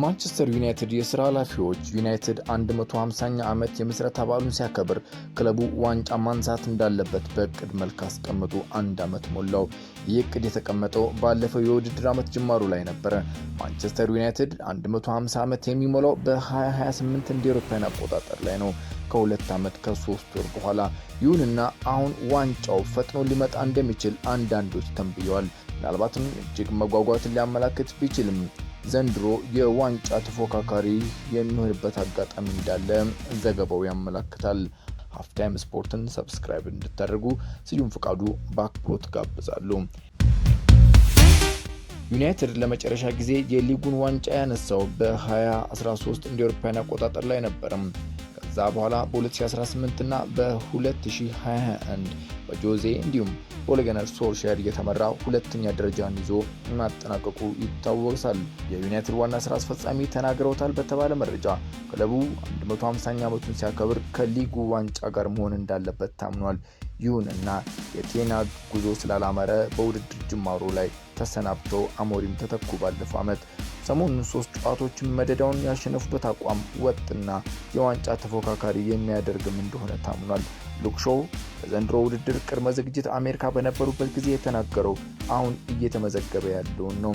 የማንቸስተር ዩናይትድ የስራ ኃላፊዎች ዩናይትድ 150ኛ ዓመት የምስረታ በዓሉን ሲያከብር ክለቡ ዋንጫ ማንሳት እንዳለበት በእቅድ መልክ አስቀምጡ አንድ ዓመት ሞላው። ይህ እቅድ የተቀመጠው ባለፈው የውድድር ዓመት ጅማሩ ላይ ነበረ። ማንቸስተር ዩናይትድ 150 ዓመት የሚሞላው በ2028 እንደ ኤሮፓውያን አቆጣጠር ላይ ነው፣ ከሁለት ዓመት ከሶስት ወር በኋላ። ይሁንና አሁን ዋንጫው ፈጥኖ ሊመጣ እንደሚችል አንዳንዶች ተንብየዋል። ምናልባትም እጅግ መጓጓትን ሊያመላክት ቢችልም ዘንድሮ የዋንጫ ተፎካካሪ የሚሆንበት አጋጣሚ እንዳለ ዘገባው ያመላክታል። ሀፍታይም ስፖርትን ሰብስክራይብ እንድታደርጉ ስዩም ፍቃዱ በአክብሮት ጋብዛሉ። ዩናይትድ ለመጨረሻ ጊዜ የሊጉን ዋንጫ ያነሳው በ2013 እንደ አውሮፓውያን አቆጣጠር ላይ ነበርም። ከዛ በኋላ በ2018 እና በ2021 በጆዜ እንዲሁም በኦሌገነር ሶልሻር እየተመራ ሁለተኛ ደረጃን ይዞ ማጠናቀቁ ይታወሳል። የዩናይትድ ዋና ስራ አስፈጻሚ ተናግረውታል በተባለ መረጃ ክለቡ 150ኛ ዓመቱን ሲያከብር ከሊጉ ዋንጫ ጋር መሆን እንዳለበት ታምኗል። እና የቴና ጉዞ ስላላመረ በውድድር ጅማሮ ላይ ተሰናብቶ አሞሪም ተተኩ ባለፈው ዓመት ሰሞኑን ሶስት ጨዋታዎችን መደዳውን ያሸነፉበት አቋም ወጥና የዋንጫ ተፎካካሪ የሚያደርግም እንደሆነ ታምኗል። ሉክሾው በዘንድሮ ውድድር ቅድመ ዝግጅት አሜሪካ በነበሩበት ጊዜ የተናገረው አሁን እየተመዘገበ ያለውን ነው።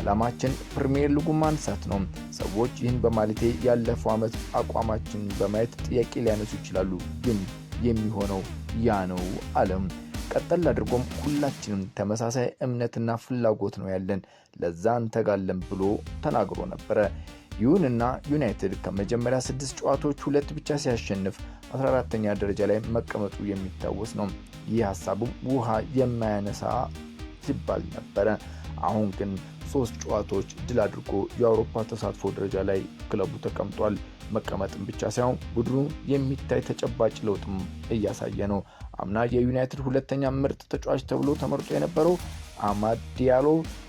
ዓላማችን ፕሪምየር ሊጉ ማንሳት ነው። ሰዎች ይህን በማለቴ ያለፈው ዓመት አቋማችን በማየት ጥያቄ ሊያነሱ ይችላሉ፣ ግን የሚሆነው ያ ነው አለም። ቀጠል አድርጎም ሁላችንም ተመሳሳይ እምነትና ፍላጎት ነው ያለን ለዛ እንተጋለን ብሎ ተናግሮ ነበረ። ይሁንና ዩናይትድ ከመጀመሪያ ስድስት ጨዋታዎች ሁለት ብቻ ሲያሸንፍ 14ተኛ ደረጃ ላይ መቀመጡ የሚታወስ ነው። ይህ ሀሳቡም ውሃ የማያነሳ ሲባል ነበረ። አሁን ግን ሶስት ጨዋታዎች ድል አድርጎ የአውሮፓ ተሳትፎ ደረጃ ላይ ክለቡ ተቀምጧል። መቀመጥም ብቻ ሳይሆን ቡድኑ የሚታይ ተጨባጭ ለውጥም እያሳየ ነው። አምና የዩናይትድ ሁለተኛ ምርጥ ተጫዋች ተብሎ ተመርጦ የነበረው አማድ ዲያሎ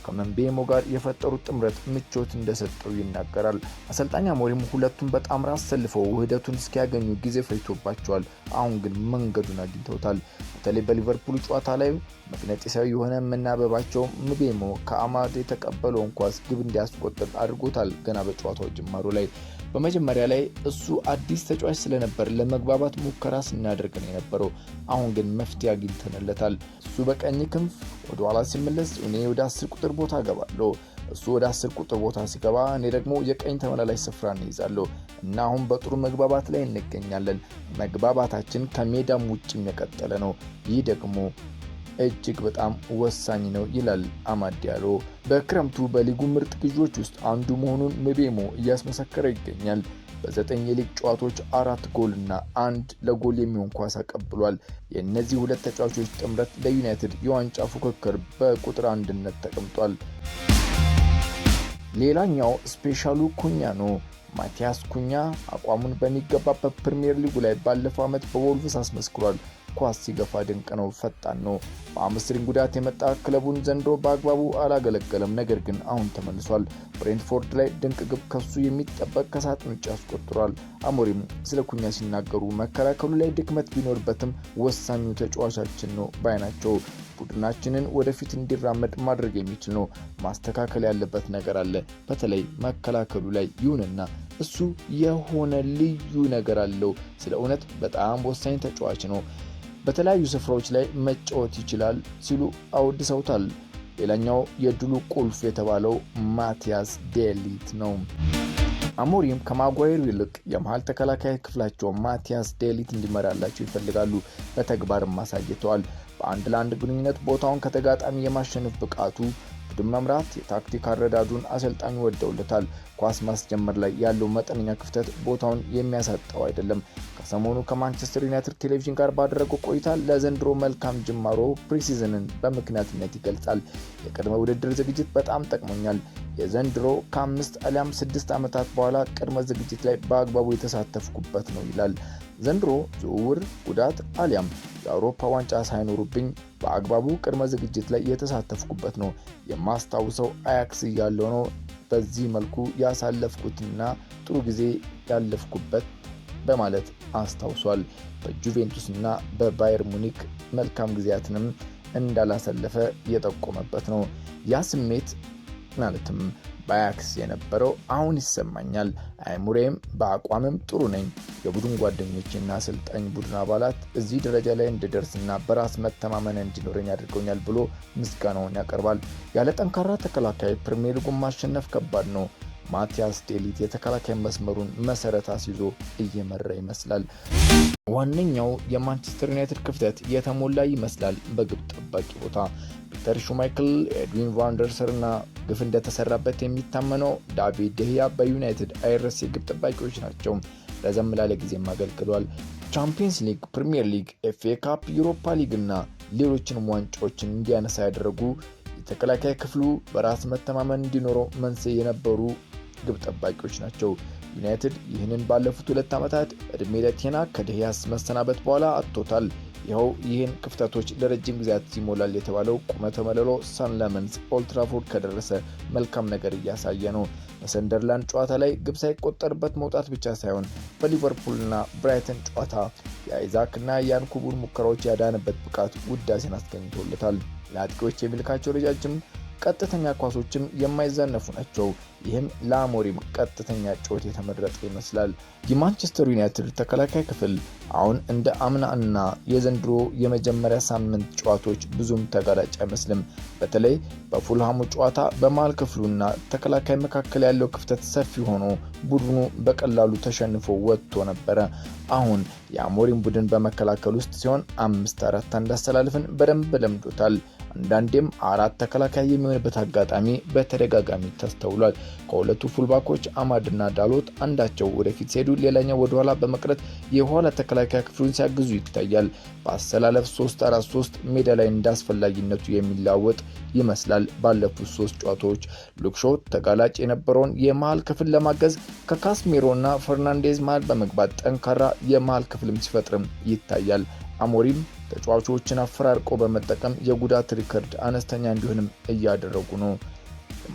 ከመንቤሞ ጋር የፈጠሩት ጥምረት ምቾት እንደሰጠው ይናገራል። አሰልጣኝ አሞሪም ሁለቱን በጣምራ አሰልፈው ውህደቱን እስኪያገኙ ጊዜ ፈጅቶባቸዋል። አሁን ግን መንገዱን አግኝተውታል። በተለይ በሊቨርፑል ጨዋታ ላይ መግነጢሳዊ የሆነ የምናበባቸው ምቤሞ ከአማድ የተቀበለውን ኳስ ግብ እንዲያስቆጥር አድርጎታል። ገና በጨዋታው ጅማሩ ላይ በመጀመሪያ ላይ እሱ አዲስ ተጫዋች ስለነበር ለመግባባት ሙከራ ስናደርግ ነው የነበረው። አሁን ግን መፍትሄ አግኝተንለታል። እሱ በቀኝ ክንፍ ወደ ኋላ ሲመለስ፣ እኔ ወደ አስር ቁጥር ቦታ እገባለሁ። እሱ ወደ አስር ቁጥር ቦታ ሲገባ፣ እኔ ደግሞ የቀኝ ተመላላሽ ስፍራ እንይዛለሁ እና አሁን በጥሩ መግባባት ላይ እንገኛለን። መግባባታችን ከሜዳም ውጭ የቀጠለ ነው። ይህ ደግሞ እጅግ በጣም ወሳኝ ነው ይላል አማዲያሎ በክረምቱ በሊጉ ምርጥ ግዢዎች ውስጥ አንዱ መሆኑን ምቤሞ እያስመሰከረ ይገኛል። በዘጠኝ የሊግ ጨዋታዎች አራት ጎልና አንድ ለጎል የሚሆን ኳስ አቀብሏል። የእነዚህ ሁለት ተጫዋቾች ጥምረት ለዩናይትድ የዋንጫ ፉክክር በቁጥር አንድነት ተቀምጧል። ሌላኛው ስፔሻሉ ኩኛ ነው። ማቲያስ ኩኛ አቋሙን በሚገባበት ፕሪምየር ሊጉ ላይ ባለፈው ዓመት በቮልቭስ አስመስክሯል። ኳስ ሲገፋ ድንቅ ነው፣ ፈጣን ነው። በአምስትሪንግ ጉዳት የመጣ ክለቡን ዘንድሮ በአግባቡ አላገለገለም። ነገር ግን አሁን ተመልሷል። ብሬንትፎርድ ላይ ድንቅ ግብ ከሱ የሚጠበቅ ከሳጥን ውጭ አስቆጥሯል። አሞሪም ስለ ኩኛ ሲናገሩ መከላከሉ ላይ ድክመት ቢኖርበትም ወሳኙ ተጫዋቻችን ነው ባይ ናቸው። ቡድናችንን ወደፊት እንዲራመድ ማድረግ የሚችል ነው። ማስተካከል ያለበት ነገር አለ፣ በተለይ መከላከሉ ላይ ይሁንና እሱ የሆነ ልዩ ነገር አለው። ስለ እውነት በጣም ወሳኝ ተጫዋች ነው። በተለያዩ ስፍራዎች ላይ መጫወት ይችላል ሲሉ አወድሰውታል። ሌላኛው የድሉ ቁልፍ የተባለው ማቲያስ ዴሊት ነው። አሞሪም ከማጓየሩ ይልቅ የመሀል ተከላካይ ክፍላቸው ማቲያስ ዴሊት እንዲመራላቸው ይፈልጋሉ። በተግባርም አሳይተዋል። በአንድ ለአንድ ግንኙነት ቦታውን ከተጋጣሚ የማሸነፍ ብቃቱ ቡድን መምራት የታክቲክ አረዳዱን አሰልጣኙ ወደውለታል። ኳስ ማስጀመር ላይ ያለው መጠነኛ ክፍተት ቦታውን የሚያሳጣው አይደለም። ሰሞኑ ከማንቸስተር ዩናይትድ ቴሌቪዥን ጋር ባደረገው ቆይታ ለዘንድሮ መልካም ጅማሮ ፕሪሲዝንን በምክንያትነት ይገልጻል። የቅድመ ውድድር ዝግጅት በጣም ጠቅሞኛል። የዘንድሮ ከአምስት አሊያም ስድስት ዓመታት በኋላ ቅድመ ዝግጅት ላይ በአግባቡ የተሳተፍኩበት ነው ይላል። ዘንድሮ ዝውውር፣ ጉዳት አሊያም የአውሮፓ ዋንጫ ሳይኖሩብኝ በአግባቡ ቅድመ ዝግጅት ላይ የተሳተፍኩበት ነው። የማስታውሰው አያክስ እያለው ነው በዚህ መልኩ ያሳለፍኩትና ጥሩ ጊዜ ያለፍኩበት በማለት አስታውሷል። በጁቬንቱስ እና በባየር ሙኒክ መልካም ጊዜያትንም እንዳላሰለፈ የጠቆመበት ነው። ያ ስሜት ማለትም በአያክስ የነበረው አሁን ይሰማኛል። አይሙሬም በአቋምም ጥሩ ነኝ። የቡድን ጓደኞችና አሰልጣኝ ቡድን አባላት እዚህ ደረጃ ላይ እንድደርስና በራስ መተማመን እንዲኖረኝ አድርገውኛል ብሎ ምስጋናውን ያቀርባል። ያለ ጠንካራ ተከላካይ ፕሪሚየር ሊጉን ማሸነፍ ከባድ ነው። ማቲያስ ዴሊት የተከላካይ መስመሩን መሰረት አስይዞ እየመራ ይመስላል። ዋነኛው የማንቸስተር ዩናይትድ ክፍተት የተሞላ ይመስላል በግብ ጠባቂ ቦታ ፒተር ሹማይክል፣ ኤድዊን ቫንደርሰር እና ግፍ እንደተሰራበት የሚታመነው ዳቪድ ደህያ በዩናይትድ አይረስ የግብ ጠባቂዎች ናቸው። ረዘም ላለ ጊዜም አገልግሏል። ቻምፒየንስ ሊግ፣ ፕሪምየር ሊግ፣ ኤፍ ኤ ካፕ፣ ዩሮፓ ሊግ እና ሌሎችንም ዋንጫዎችን እንዲያነሳ ያደረጉ የተከላካይ ክፍሉ በራስ መተማመን እንዲኖረው መንስኤ የነበሩ ግብ ጠባቂዎች ናቸው። ዩናይትድ ይህንን ባለፉት ሁለት ዓመታት እድሜ ለቴና ከድህያስ መሰናበት በኋላ አጥቶታል። ይኸው ይህን ክፍተቶች ለረጅም ጊዜያት ይሞላል የተባለው ቁመተ መለሎ ሳን ለመንስ ኦልትራፎርድ ከደረሰ መልካም ነገር እያሳየ ነው። በሰንደርላንድ ጨዋታ ላይ ግብ ሳይቆጠርበት መውጣት ብቻ ሳይሆን በሊቨርፑልና ብራይተን ጨዋታ የአይዛክና የአንኩቡን ሙከራዎች ያዳነበት ብቃት ውዳሴን አስገኝቶለታል። ለአጥቂዎች የሚልካቸው ረጃጅም ቀጥተኛ ኳሶችም የማይዛነፉ ናቸው። ይህም ለአሞሪም ቀጥተኛ ጩኸት የተመረጠ ይመስላል። የማንቸስተር ዩናይትድ ተከላካይ ክፍል አሁን እንደ አምና እና የዘንድሮ የመጀመሪያ ሳምንት ጨዋታዎች ብዙም ተጋላጭ አይመስልም። በተለይ በፉልሃሙ ጨዋታ በመሀል ክፍሉና ተከላካይ መካከል ያለው ክፍተት ሰፊ ሆኖ ቡድኑ በቀላሉ ተሸንፎ ወጥቶ ነበረ። አሁን የአሞሪም ቡድን በመከላከል ውስጥ ሲሆን አምስት አራት አንድ አስተላልፍን በደንብ ለምዶታል። አንዳንዴም አራት ተከላካይ የሚሆንበት አጋጣሚ በተደጋጋሚ ተስተውሏል። ከሁለቱ ፉልባኮች አማድና ዳሎት አንዳቸው ወደፊት ሲሄዱ ሌላኛው ወደኋላ በመቅረት የኋላ ተከላካይ ክፍሉን ሲያግዙ ይታያል። በአሰላለፍ 343 ሜዳ ላይ እንዳስፈላጊነቱ የሚላወጥ ይመስላል። ባለፉት ሶስት ጨዋታዎች ሉክሾ ተጋላጭ የነበረውን የመሃል ክፍል ለማገዝ ከካስሜሮና ፈርናንዴዝ መሃል በመግባት ጠንካራ የመሃል ክፍልም ሲፈጥርም ይታያል። አሞሪም ተጫዋቾችን አፈራርቆ በመጠቀም የጉዳት ሪከርድ አነስተኛ እንዲሆንም እያደረጉ ነው።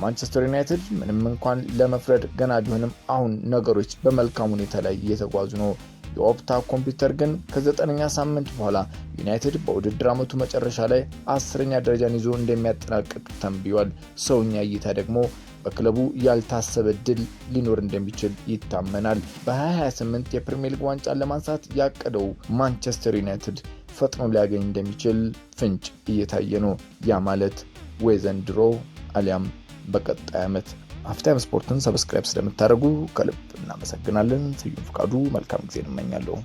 ማንቸስተር ዩናይትድ ምንም እንኳን ለመፍረድ ገና ቢሆንም አሁን ነገሮች በመልካም ሁኔታ ላይ እየተጓዙ ነው። የኦፕታ ኮምፒውተር ግን ከዘጠነኛ ሳምንት በኋላ ዩናይትድ በውድድር ዓመቱ መጨረሻ ላይ አስረኛ ደረጃን ይዞ እንደሚያጠናቅቅ ተንብዋል። ሰውኛ እይታ ደግሞ በክለቡ ያልታሰበ ድል ሊኖር እንደሚችል ይታመናል። በ2028 የፕሪምየር ሊግ ዋንጫን ለማንሳት ያቀደው ማንቸስተር ዩናይትድ ፈጥኖ ሊያገኝ እንደሚችል ፍንጭ እየታየ ነው። ያ ማለት ወይ ዘንድሮ አሊያም በቀጣይ ዓመት። ሀፍታም ስፖርትን ሰብስክራይብ ስለምታደርጉ ከልብ እናመሰግናለን። ስዩም ፍቃዱ፣ መልካም ጊዜ እንመኛለሁ።